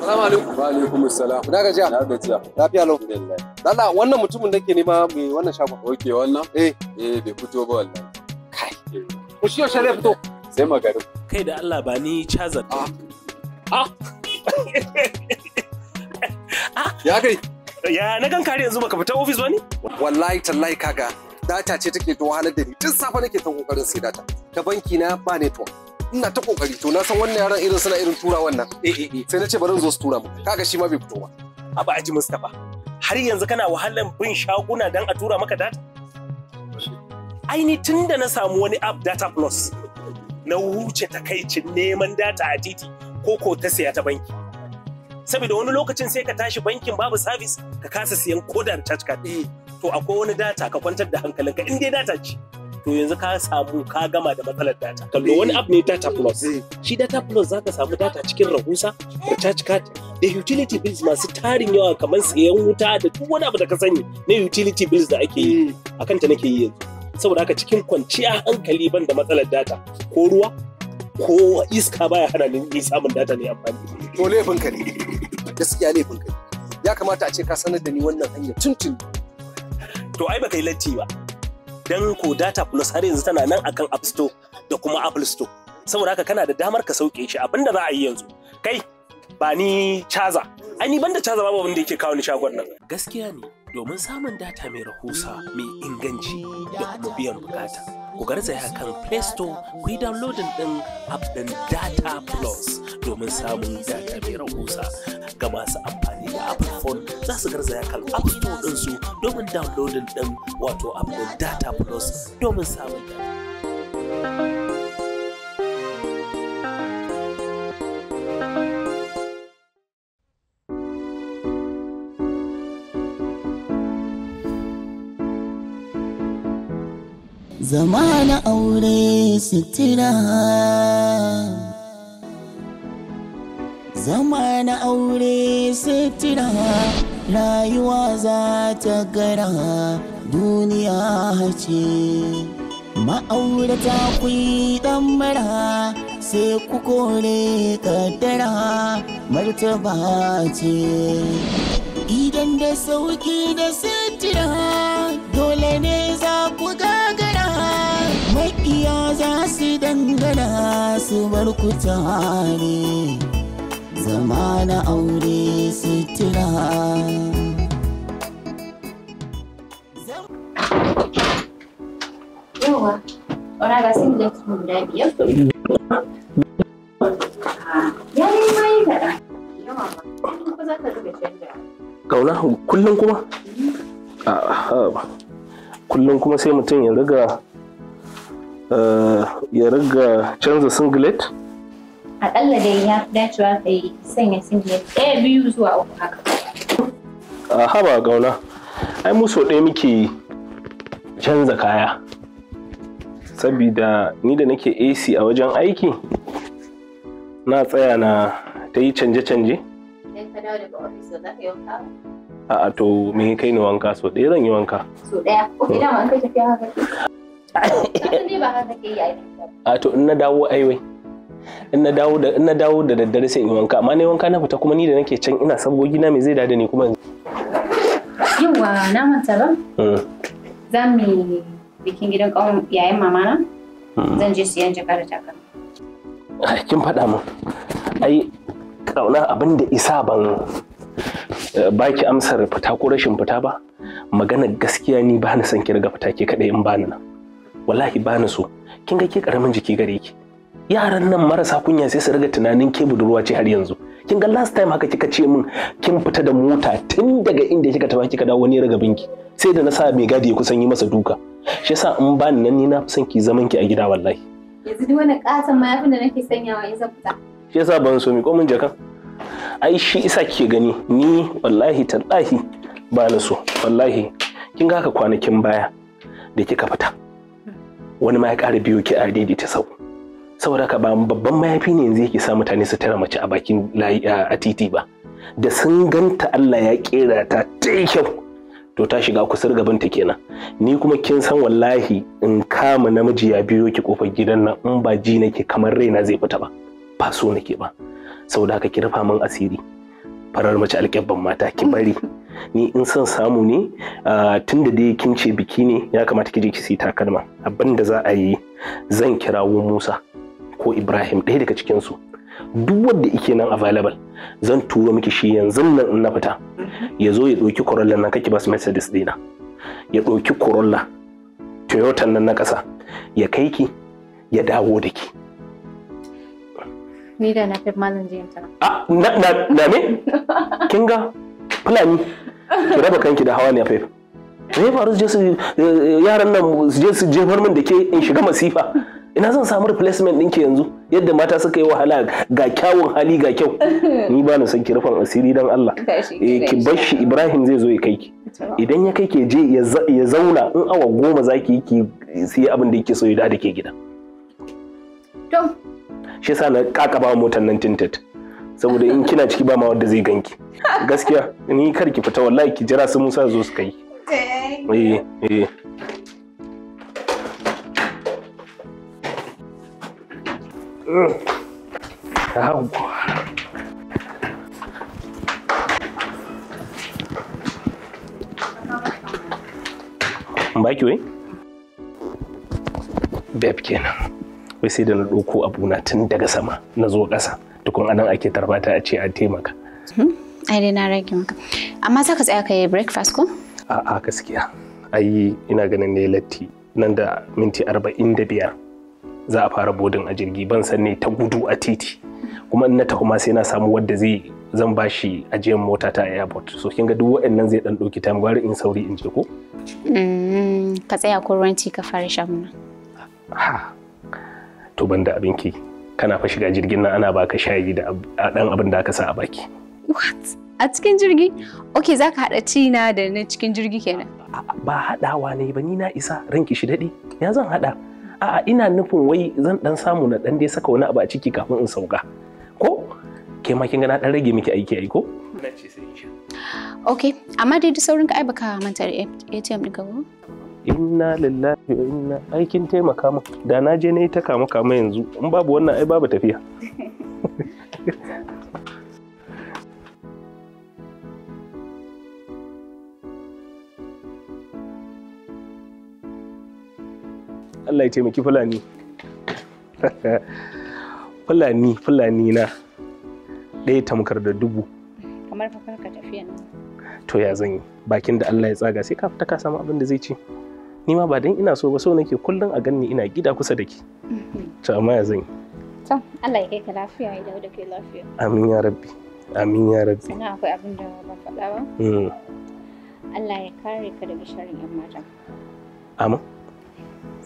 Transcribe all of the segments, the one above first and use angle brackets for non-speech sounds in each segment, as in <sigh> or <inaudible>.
Salamu alaikum. Wa alaikum salam. Na gajiya. Na gajiya. Lafiya lau. Lalla wannan mutumin da ke nema mai wannan shagon. Ok wannan? Eh. Eh bai fito ba wallahi. Kai. Ku shi yaushe zai fito? Sai magari. Kai da Allah ba ni cazar. Ah. Ah. <laughs> ah. Ya kai. Ya na gan kare yanzu baka fita ofis ba ne? Wallahi tallahi kaga data ce take ta wahalar da ni tun safe nake ta kokarin sai data. Ta banki na ba network. ina ta kokari to na san wannan yaran irin suna irin tura wannan eh, eh, eh. sai na ce bari zo su tura mu kaga shi ma bai fito ba aba aji Mustapha har yanzu kana wahalan bin shaguna dan a tura maka data aini tun da na samu wani app data plus na wuce takaicin neman data a titi ko ko ta siya ta banki saboda wani lokacin sai ka tashi bankin babu service ka kasa siyan kodar charge card to akwai wani data ka kwantar da hankalinka in dai data ce to yanzu ka samu ka gama da matsalar data kallo eh. wani app ne data plus eh. shi data plus zaka samu data cikin rahusa da charge card da utility bills masu tarin yawa kamar sayan wuta da duk wani abu da ka sani na utility bills da ake yi hmm. akan ta nake yi yanzu saboda haka cikin kwanciya hankali ban da matsalar data ko ruwa ko iska baya hana ni samun data ne amfani to laifin ka ne gaskiya laifin ka ya kamata a ce ka sanar da ni wannan hanya tuntun to ai baka yi latti ba dan ko data plus har yanzu tana nan akan app store da kuma apple store saboda haka kana da damar ka sauke shi abinda za a yi yanzu kai ba ni caza ai ni banda caza babu wanda yake kawo ni shagon nan gaskiya ne domin samun data mai rahusa mai inganci da kuma biyan bukata ku ya kan play store ku yi downloading din app din data plus domin samun data mai rahusa ga masu amfani da apple phone za su garzaya kan App Store ɗinsu domin downloading ɗin wato app Data Plus domin samun Zama na aure sitira zama na aure sitira rayuwa za ta gara duniya ce ma'aurata ku yi dan mara sai ku kore kaddara martaba ce idan da sauki da sitira dole ne za ku gagara maƙiya za su dangana su bar ku tare zama na aure sitira yawa ora ga sun da su guda biyar ya yi mai kaɗa yawa ba kullum kuma mm-hmm. ah, kullum kuma sai mutum ya riga eh, ya riga canza singlet akalla dai ya fi dacewa ka yi sanya singlet ɗaya biyu zuwa uku haka. a haba gauna ai mu so ɗaya muke canza kaya sabida ni da nake ac a wajen aiki na tsaya na ta yi canje-canje a to me kai ni wanka so ɗaya zan yi wanka so ɗaya ok dama an kai tafiya haka <laughs> a to in na dawo aiwai in na dawo da in na dawo da daddare sai in wanka amma ne wanka na fita kuma ni da nake can ina sabgogi na me zai dada ni kuma yawa na manta ba hmm. za mu bikin gidan kawun yayin mamana hmm. zan je siyan jaka da takalma kin faɗa min ai kauna abin da isa ban eh, baki amsar fita ko rashin fita ba magana gaskiya ni ba na son ki riga fita ke kadai in bani nan wallahi ba na so kin ga ke karamin jiki gare ki yaran nan marasa kunya sai su riga tunanin ke budurwa ce har yanzu kin ga last time haka kika ce min kin fita da mota tun daga inda kika tafi kika dawo ne raga binki sai da na sa mai gadi ya kusan yi masa duka shi yasa in ba nan ni na fi son ki zaman ki a gida wallahi yanzu duk wani kasan yafi da nake sanyawa in zan fita shi yasa ban so mi ko mun jakan ai shi isa kike gani ni wallahi tallahi ba na so wallahi kin ga haka kwanakin baya da kika fita wani ma ya ƙara biyo ki a daidaita sau saboda ka ba babban mayafi ne yanzu yake sa mutane su tara mace a bakin layi a titi ba da sun ganta Allah ya kera ta ta kyau to ta shiga kusur gaban ta kenan ni kuma kin san wallahi in kama namiji ya biyo ki kofar gidan nan in ba ji nake kamar raina zai fita ba ba so nake ba saboda haka ki min asiri farar mace alƙibban mata ki bari ni in san samu ne tun da dai kin ce biki ne ya kamata ki je ki si takalma abin da za a yi zan kirawo Musa ko Ibrahim ɗaya daga cikinsu duk wanda yake nan available zan tura miki shi yanzu nan in na fita ya zo ya ɗauki Corolla nan kake bas Mercedes dina ya ɗauki Corolla Toyota nan na ƙasa ya kai ki ya dawo da ki ni da na fi malam jiyanta. tara ah, a na na me <laughs> kin ga fulani ki raba kanki da hawa ne a faif me ya faru su je su eh, eh, yaran nan su je su jefar min da ke in shiga masifa ina zan samu replacement ɗinki yanzu yadda mata suka yi wahala ga kyawun hali ga kyau <laughs> ni ba na son ki rufan asiri dan Allah <laughs> eh ki bar shi Ibrahim zai zo ya kai ki idan ya kai ke je ya zauna in awa goma zaki yi ki sai abin da yake so ya dade ke gida to shi yasa na kakaba motar nan tintat saboda in kina ciki ba ma wanda zai ganki <laughs> gaskiya ni kar ki fita wallahi ki jira su Musa zo su kai eh eh, eh. baki wai? Beb kenan. Wai sai da na ɗauko abuna tun daga sama na zo ƙasa. Tukun anan ake tarbata a ce a taimaka. Hmm? Ai dai na rage maka. Amma za ka tsaya ka yi breakfast ko? A'a gaskiya. Ai ina ganin ne latti nan da minti arba'in da biyar. za a fara bodin a jirgi ban san ne ta gudu a titi kuma in na tafi ma sai na samu wadda zai zan ba shi ajiyar mota ta airport so kin ga duk waɗannan zai dan ɗauki time gwari in sauri in je ko mm, ka tsaya ko ruwanci ka fara shan ha to banda abin ki kana fa shiga jirgin nan ana baka shayi da dan abin da aka sa a baki what a cikin jirgi okay za ka hada ci na da na cikin jirgi kenan ba hadawa ne ba ni na isa ranki shi daɗi ya zan hada a'a ina nufin wai zan dan samu na dan dai saka wani abu a ciki kafin in sauka ko ke ma kin ga na dan rage miki aiki ai ko okay amma dai da saurin ka ai baka manta da ATM din ka ba inna lillahi wa inna aikin taimaka mu da na je ne ta kama kama yanzu in babu wannan ai babu tafiya <laughs> Allah ya taimaki fulani fulani fulani na ɗaya tamkar da dubu kamar fa farka tafiya to ya zan yi bakin da Allah ya tsaga sai ka fita ka samu abin da zai ci ni ma ba dan ina so ba so nake kullum a ganni ina gida kusa da ki to amma ya zan yi to Allah ya kai ka lafiya ya dawo da kai lafiya amin ya rabbi amin ya rabbi sannan akwai abin da ban faɗa ba hmm. Allah ya kare ka daga sharrin yan mata amin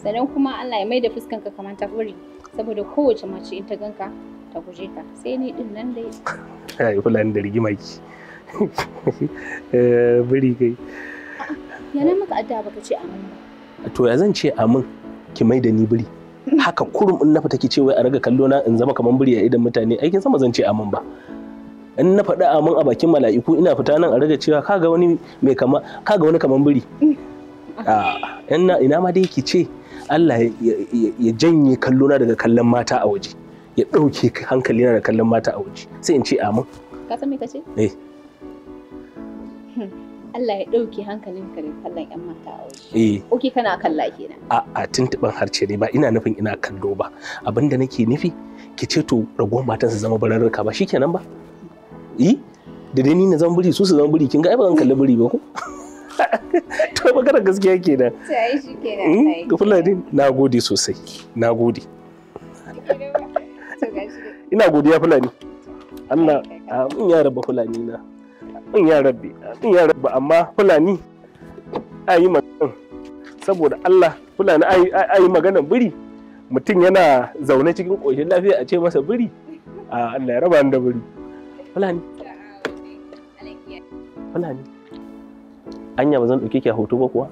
sannan kuma Allah ya mai da fuskanka kamar ta fure saboda kowace mace in ta ganka ta guje ka sai ni din nan dai <laughs> ai fulani da rigima ki <laughs> eh, buri kai yana maka adda baka ce amin to ya zan ce amin ki mai da ni buri <laughs> haka kurum in na fita ki ce wai a raga kallo na in zama kamar buri a idan mutane aikin sama zan ce amin ba in na faɗa amin a bakin mala'iku ina fita nan a raga cewa kaga wani mai kama kaga wani kaman buri mm. Ah, ina ma dai yake ce Allah ya janye na daga kallon mata a waje ya ɗauke hankali na da kallon mata a waje sai in ce amin ka san me ka ce eh <laughs> Allah ya ɗauke hankalin ka daga kallon ƴan mata a waje eh oke kana kalla kenan a a tuntuban harce ne ba ina nufin ina kallo ba abinda nake nufi ki ce to ragowar matan su zama bararraka ba shikenan ba eh da dai ni na zama buri su su zama buri kin ga ai ba zan kalli buri ba ko <laughs> <laughs> to magana gaskiya kenan sai shi kenan hmm? fulani na gode sosai na gode ina godiya fulani Allah ah, in ya rabba fulani na In ya rabbi In ya rabba amma fulani ayi magana saboda Allah fulani ayi magana biri mutum yana zaune cikin ƙoshin lafiya a ce masa biri a ah, Allah ya raba da biri fulani fulani anya ba zan ɗauke ki a hoto ba kuwa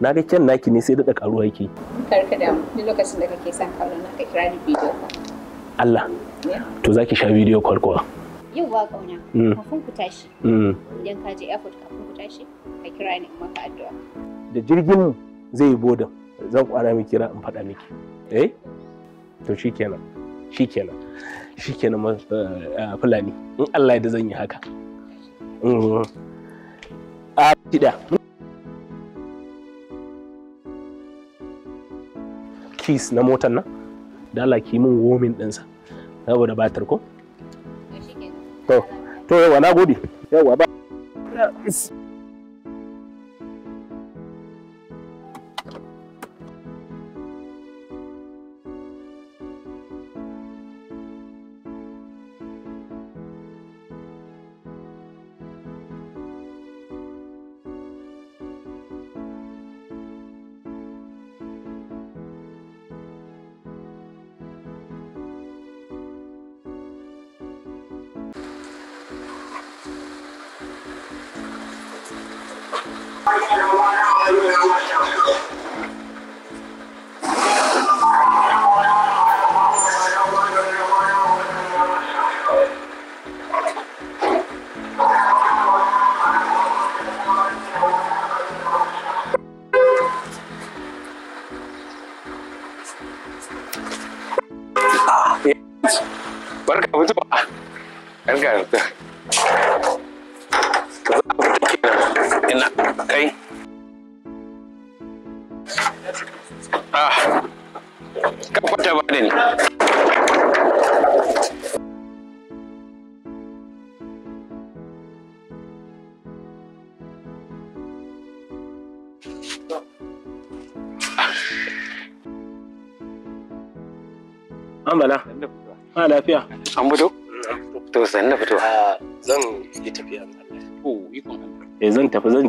na ga kyan naki ne sai daɗa ƙaruwa yake karka da ni lokacin da kake son kallo na ka kira ni bidiyo Allah to zaki sha bidiyo kwal kuwa yau ba kauna mm. kafin ku tashi mm. idan ka je airport kafin ku tashi ka kira ni maka addu'a da jirgin zai boda zan kwana miki kira in faɗa miki eh to shikenan shikenan shikenan eh, eh, fulani in Allah ya da zan yi haka mm. a shida keys na motar nan da Allah ki mun warming ɗinsa saboda batar ko to to yawa na gode yawa ba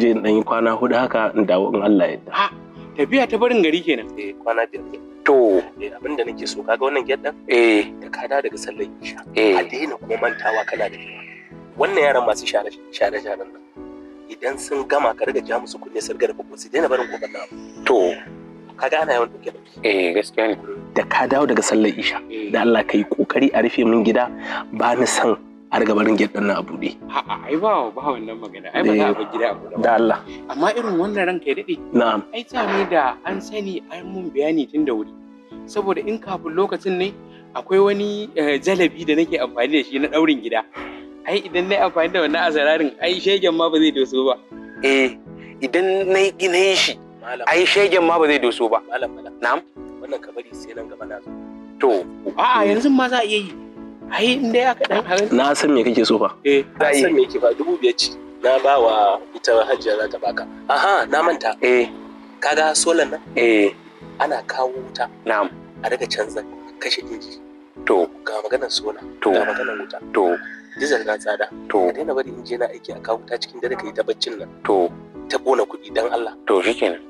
je in yi kwana hudu haka in dawo in Allah ya yarda. tafiya ta barin gari kenan. Eh, kwana biyar ne. To. Eh, abin da nake so kaga wannan gidan. Eh. Da ka dawo daga sallar isha. Eh. A daina kuma mantawa kana da Wannan yaran masu share share share nan. Idan sun gama ka riga ja musu kunne sirga da babba su daina barin gobe na. To. Kaga ana yawan duke Eh, gaskiya ne. Da ka dawo daga sallar isha. Eh. Da Allah ka yi kokari a rufe min gida ba ni san har gabarin gate din nan a bude ai ba ba wannan magana ai ba za a bar gida a bude da Allah amma irin wannan ranka ya daɗe. na'am ai ta ne da an sani an mun bayani tun da wuri saboda in kafin lokacin ne akwai wani eh, jalabi da nake amfani da shi na ɗaurin gida ai idan na yi amfani da wannan azararin ai shegen ma ba zai doso ba eh idan na yi shi ai shegen ma ba zai doso ba na'am wannan kabari sai nan gaba na zo to a'a yanzu ma za a iya yi ai in dai aka dan haran na san me kake so fa eh na san me ke fa dubu biyar ce na ba wa ita hajiya za ta baka aha na manta eh kaga solan nan eh ana kawo wuta na'am a daga canza kashe inji to ga maganar sola to ga maganar wuta to dizal na tsada to ka daina bari inji na aiki a kawo wuta cikin dare ka yi ta baccin nan to ta kona kuɗi dan Allah to shikenan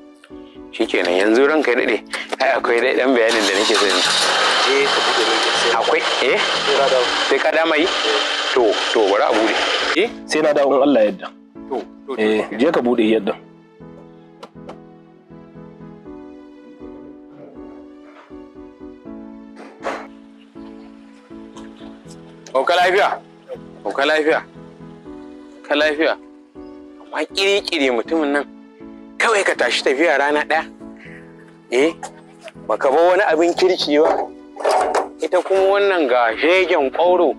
shikenan yanzu ranka ya daɗe ai akwai dai dan bayanin da nake son eh, akwai eh sai ka dama yi eh. to to bari a bude eh sai na dawo in Allah yadda to to eh je ka bude yadda ka lafiya, ka lafiya, ka lafiya, amma kiri-kiri mutumin nan. kawai ka tashi tafiya rana ɗaya eh baka ba wani abin kirki ba ita kuma wannan ga shegen ƙoro,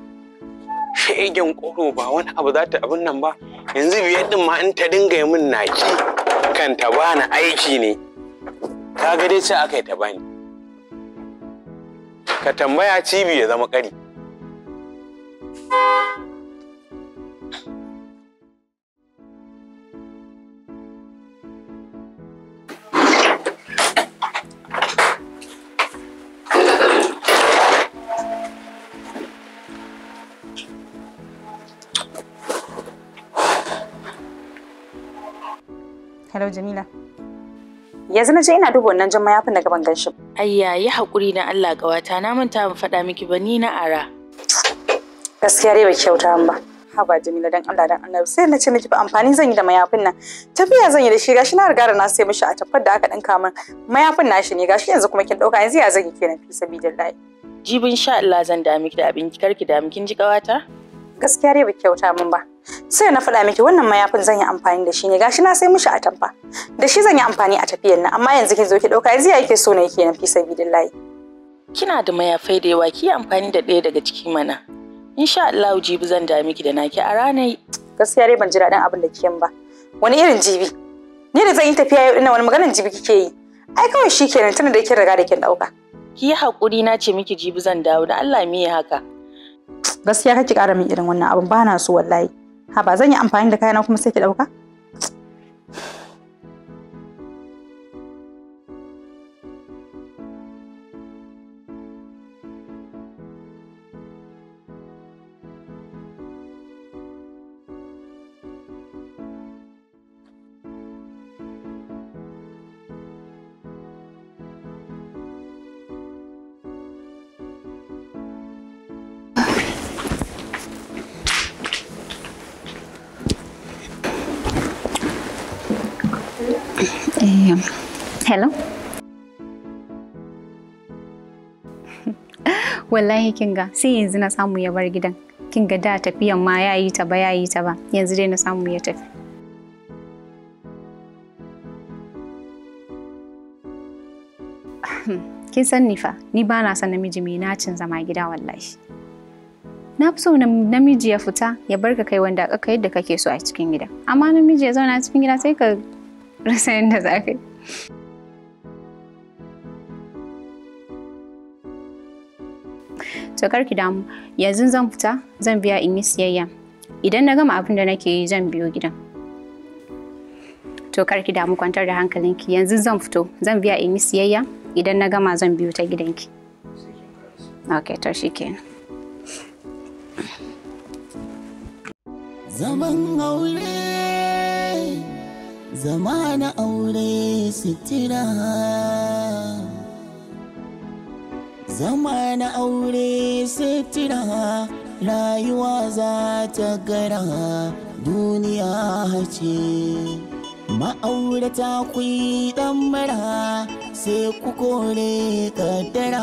shegen ƙoro ba wani abu za ta abin nan ba yanzu biyar ɗin ma in ta dinga yi min naki kan ta bani aiki ne ta ga dai ce aka yi ta bani ka tambaya cibi ya zama ƙari kalau Jamila. Yanzu na je ina duba wannan jan mayafin daga ban ganshi. Ayya yi haƙuri na Allah ƙawata na manta ba faɗa miki ba ni na ara. Gaskiya dai ba kyauta ba. Haba Jamila dan Allah dan Allah sai na ce miki ba amfani zan yi da mayafin nan. Tafiya zan yi da shi gashi na riga da na sai mishi a tafar da aka ɗinka min mayafin nashi ne gashi yanzu kuma kin ɗauka yanzu ya zan yi kenan fi sabilillahi. Jibin sha Allah zan dami miki da abin karki dami kin ji kawata. Gaskiya dai ba kyauta min ba. sai na faɗa miki wannan mayafin zan yi amfani da shi ne gashi na sai mishi a tamfa da shi zan yi amfani a tafiyar nan amma yanzu ki zo ki ɗauka yanzu ya yake so na yake na sabidillahi kina da mayafai da yawa ki amfani da ɗaya daga ciki mana insha Allah jibi zan da miki da naki a ranar gaskiya dai ban ji daɗin abin da kiyan ba wani irin jibi ni da zan yi tafiya yau ina wani maganar jibi kike yi ai kawai shi kenan tana da kin riga da kin ɗauka ki yi haƙuri na ce miki jibi zan dawo da Allah me haka gaskiya kake ƙara min irin wannan abin ba na so wallahi ha ba zan yi amfani da kayana kuma sai ki ɗauka wallahi kinga sai yanzu na samu ya bar gidan kinga da tafiyan ma ya yi ta ba ya yi ta ba yanzu dai na samu ya tafi kin san ni fa ni ba na san namiji mai nacin zama gida wallahi na fi so namiji ya fita ya bar ka kai wanda aka yadda kake so a cikin gida amma namiji ya zauna a cikin gida sai ka rasa yadda za ka yi to kar ki damu yanzu zan fita zan biya in yi siyayya idan na gama abin da nake yi zan biyo gidan to kar ki damu kwantar da hankalinki yanzu zan fito zan biya in yi siyayya idan na gama zan biyo ta gidanki okay to shikenan zaman aure zama na aure sitira zama na aure sitira rayuwa za ta gara duniya ce ma'aurata ku yi dan mara sai ku kore kaddara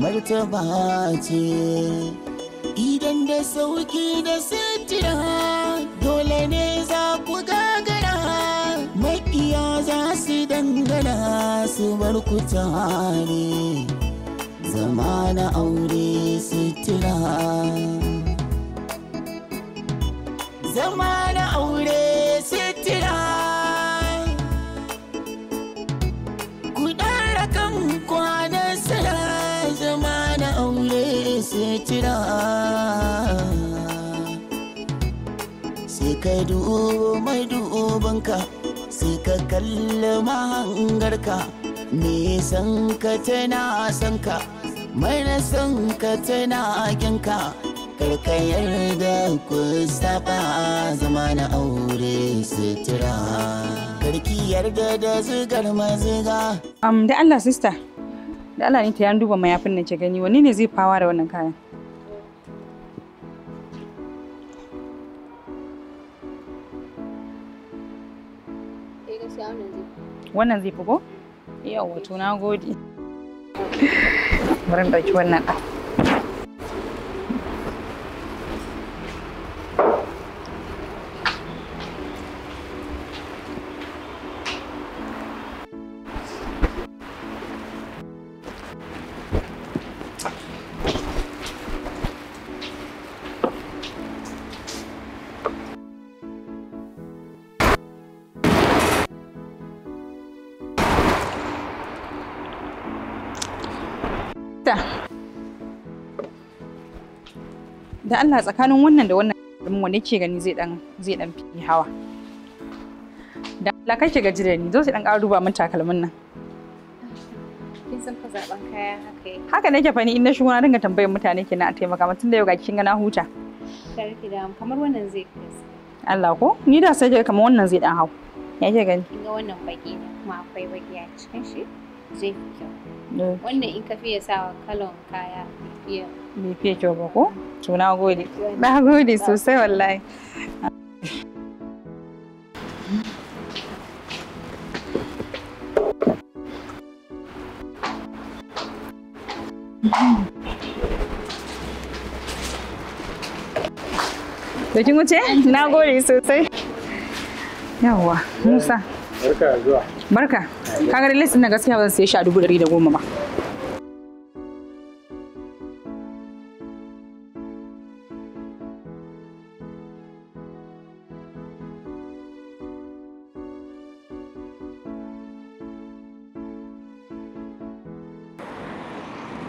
martaba ce idan da sauki da sitira dole ne za ku gagara maƙiya za su dangana su bar ku tare zama na aure sitira zama na aure sitira ku kan kwanan sira zama na aure sitira sai ka mai dubanka sai ka kalli mahangarka me san ka tana san ka marasan ka tana akinka karka yarda ku saba zama na aure sutura karki yarda da zigar maziga am da Allah sister da Allah ne ta yan duba mayafin nan ce gani wani ne zai fawa da wannan kayan eh, wannan zai fi ko? to gode. <laughs> bari in ɗauki wannan da Allah tsakanin wannan da wannan wanda ke gani zai dan zai dan fi hawa da Allah kai ke gaji da ni zo sai dan ƙara duba mun takalmin nan kin san fa zaben kaya haka yake haka nake fa ni in na shigo na dinga tambayar mutane kenan a taimaka mun tunda yau ga kin ga na huta sarki da kamar wannan zai fi Allah ko ni da sai kamar wannan zai dan hau ya ke gani kin ga wannan baki ne kuma akwai baki a cikin shi zai fi kyau Eh. wannan in ka fiye sawa kalon kaya fiye fiye kyau ba ko to na gode na gode sosai wallahi Da kin wuce? Na gode sosai. Yawwa, Musa. Barka zuwa. Barka. kaga rilis din na gaskiya ba zan siye shi a dubu ɗari da goma ba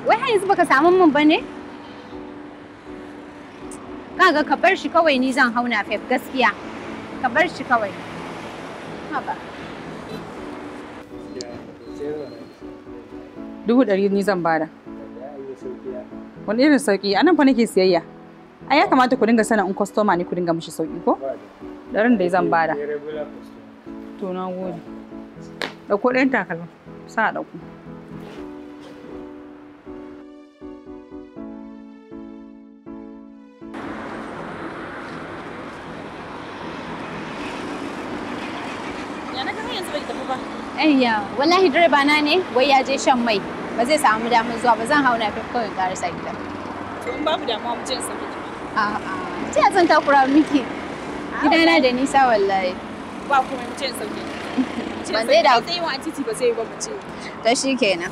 wai har yanzu baka samu mun ba ne? Kaga ka bar shi kawai ni zan hauna fef gaskiya. Ka bar shi kawai. Haba. dubu ɗari ni zan bada wani irin sauki a nan fa nake siyayya a ya kamata ku dinga sanin in kwastoma ne ku dinga mishi sauki ko ɗarin da zan bada to na gode ɗauko ɗayan takalma sa a ɗauko Ayya, wallahi direba na ne, wai ya je shan mai. ba zai samu damar zuwa ba zan hauna na fi kawai karasa gida to in babu damuwa mu je in saki a'a ta zan takura miki gidana da nisa wallahi ba kuma mu jin in saki <laughs> ban zai da Ba zai yi wa titi ba zai yi ba mu je to shikenan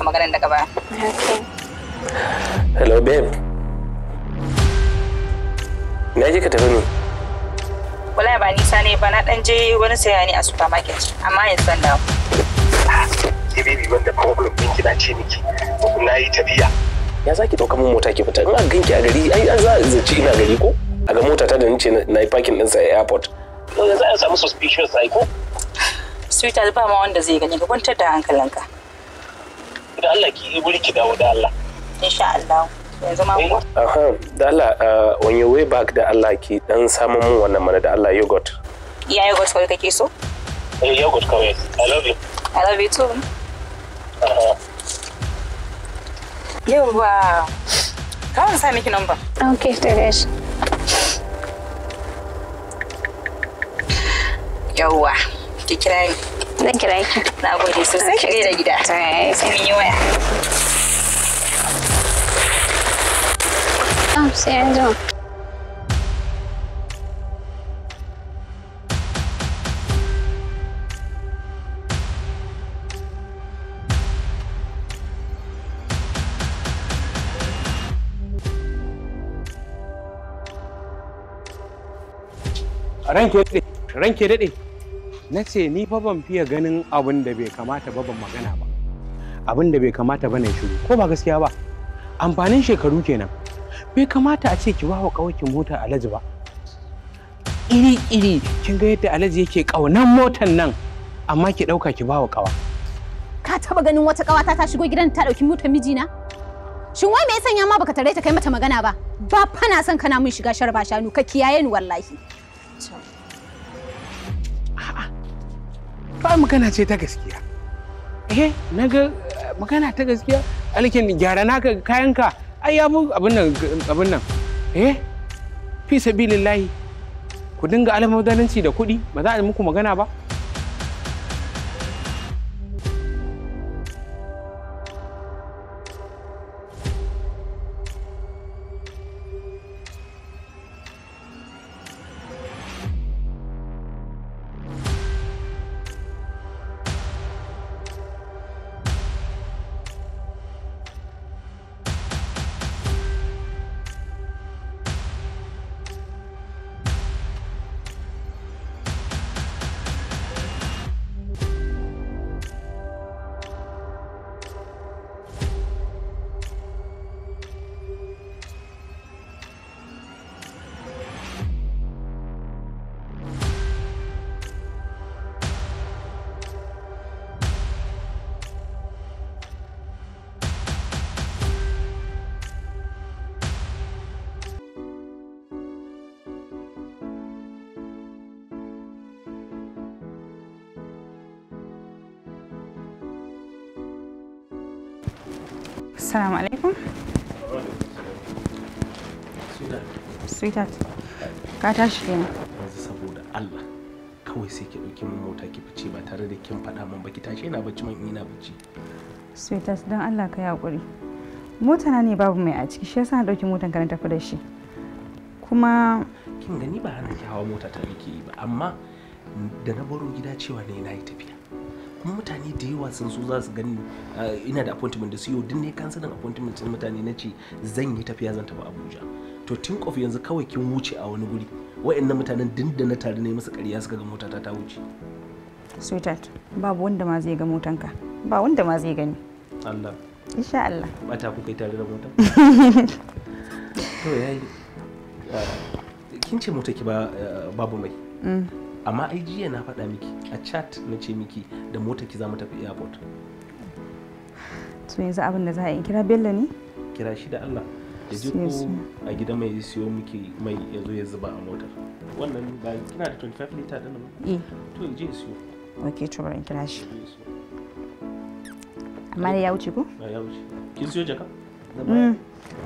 masa da daga baya. Hello babe. Me ka tafi ne? Wallahi ba nisa ne ba na dan je wani saya ne a supermarket amma yanzu zan dawo. Ke baby wanda problem din kina ce miki na yi tafiya. Ya zaki dauka mun mota ki fita in an ganki a gari ai an za zaci ina gari ko? A ga mota ta da nace na yi parking din sa a airport. yanzu an samu suspicious ai ko? Sweetheart ba ma wanda zai gani ka kwantar da hankalinka. da Allah ki wuri ki dawo da Allah insha Allah ma eh? aha da Allah on uh, your way back da Allah ki dan samu mun wannan mana da Allah yogurt iya yogurt kawai kake so eh yogurt kawai I love you I love you too uh-huh. Yawwa, kawai sa miki number. Okay, ta gashi. Yawwa, ki kira ni. zan kira ki na gode sosai ki da gida sai mun yi waya oh, sai an jima ranke daɗe ranke daɗe na ce ni fa ban fiye ganin abin da bai kamata ba ban magana ba abin da bai kamata ba ne shiru ko ba gaskiya ba amfanin shekaru kenan bai kamata a ce ki ba wa kawakin mota alhaji ba iri iri kin ga yadda alhaji yake kaunan motan nan amma ki dauka ki ba wa kawa ka taba ganin wata ƙawata ta shigo gidan ta dauki motar mijina shin wai me ya sanya ma baka tare ta kai mata magana ba ba fa na son kana mun shiga sharba shanu ka kiyaye ni wallahi ba magana ce ta gaskiya eh na ga eh, magana ta gaskiya alkin gyara naka kayanka ai ya abin nan abin nan eh fi sabilillahi ku dinga almubazzaranci da kuɗi ba za a yi muku magana ba السلام عليكم sweetheart ka tashi kenan yanzu saboda Allah kawai sai ki ɗauki min mota ki fice ba tare da kin faɗa min ba ki tashi bacci man ina bacci sweetheart don Allah ka yi hakuri mota na ne babu mai a ciki shi yasa na ɗauki motan ka na tafi da shi kuma kin gani ba hana ki hawa mota ta nake yi ba amma da na baro gida cewa ne na yi tafiya kuma mutane da yawa sun so za su gani eh, ina da appointment da su yau dinne ne sanin appointment din mutane na ce zan yi tafiya zan tafi abuja to think of yanzu kawai kin wuce a wani guri wa'annan mutanen din da na tare ne musu ƙarya suka ga motata ta wuce sweetheart babu wanda ma zai ga motanka ba wanda ma zai gani Allah insha Allah bata ku kai tare da mota <laughs> to yayi eh, kin ce mota ki ba eh, babu mai mm. amma ai jiya na faɗa miki a chat na ce miki da mota ki za mu tafi airport to yanzu abin da za a yi kira bello ne kira shi da Allah da je ko a gida mai siyo miki mai ya zo ya zuba a motar wannan ba kina da 25 liter din nan eh to ya je ya siyo okay to bari kira shi amma ya wuce ko ya wuce kin siyo jaka mm.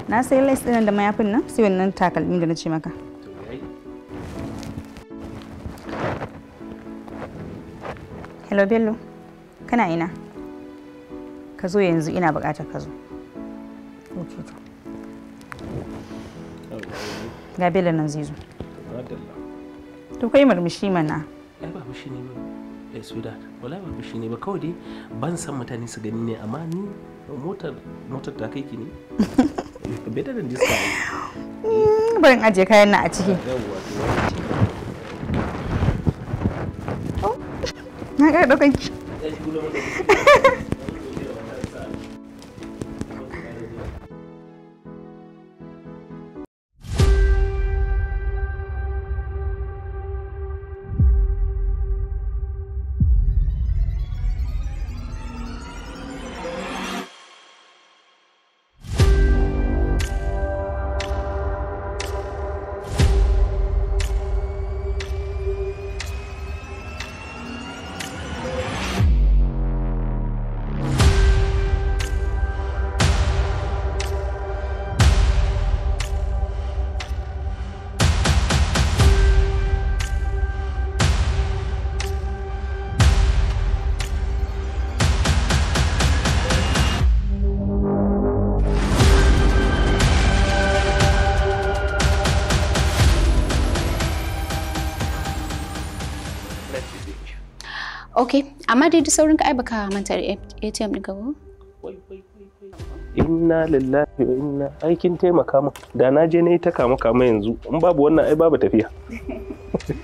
na sai lace din da mayafin nan sai wannan takalmin da na ce maka hello bello kana ina ka zo yanzu ina buƙatar ka zo okay to ga bello nan zai zo to kai murmushi mana ai ba mushi ne ba eh wallahi ba ban san mutane su gani ne amma ni motar motar ta <laughs> better than this hmm, barin ajiye kayan na a ciki não tem. <laughs> ok amma dai saurin ka ai baka manta da atm ɗin ka inna lillahi wa inna aikin taimaka mu da na je ne ta kama kama yanzu in babu wannan ai babu tafiya <laughs>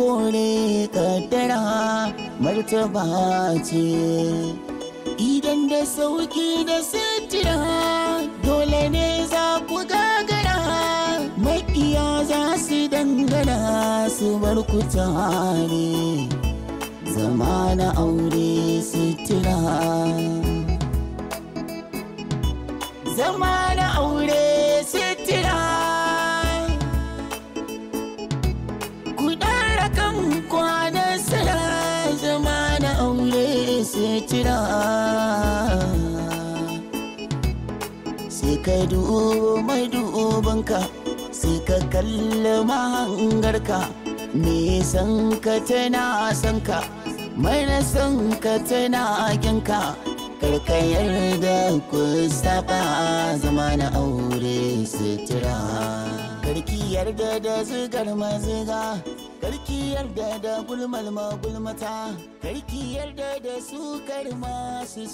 kore tara martaba ce idan da sauki da sitira dole ne za ku gagara maƙiya za su dangana su bar ku tare zama na aure sitira zama na jira sai kai du'o mai du'obanka sai ka kalli mahangarka me san ka tana san ka mai na san ka tana aginka karka yarda ku saba zama na aure sutura karki yarda da zigar maziga karki yarda da gulmal gulmata karki yarda da su masu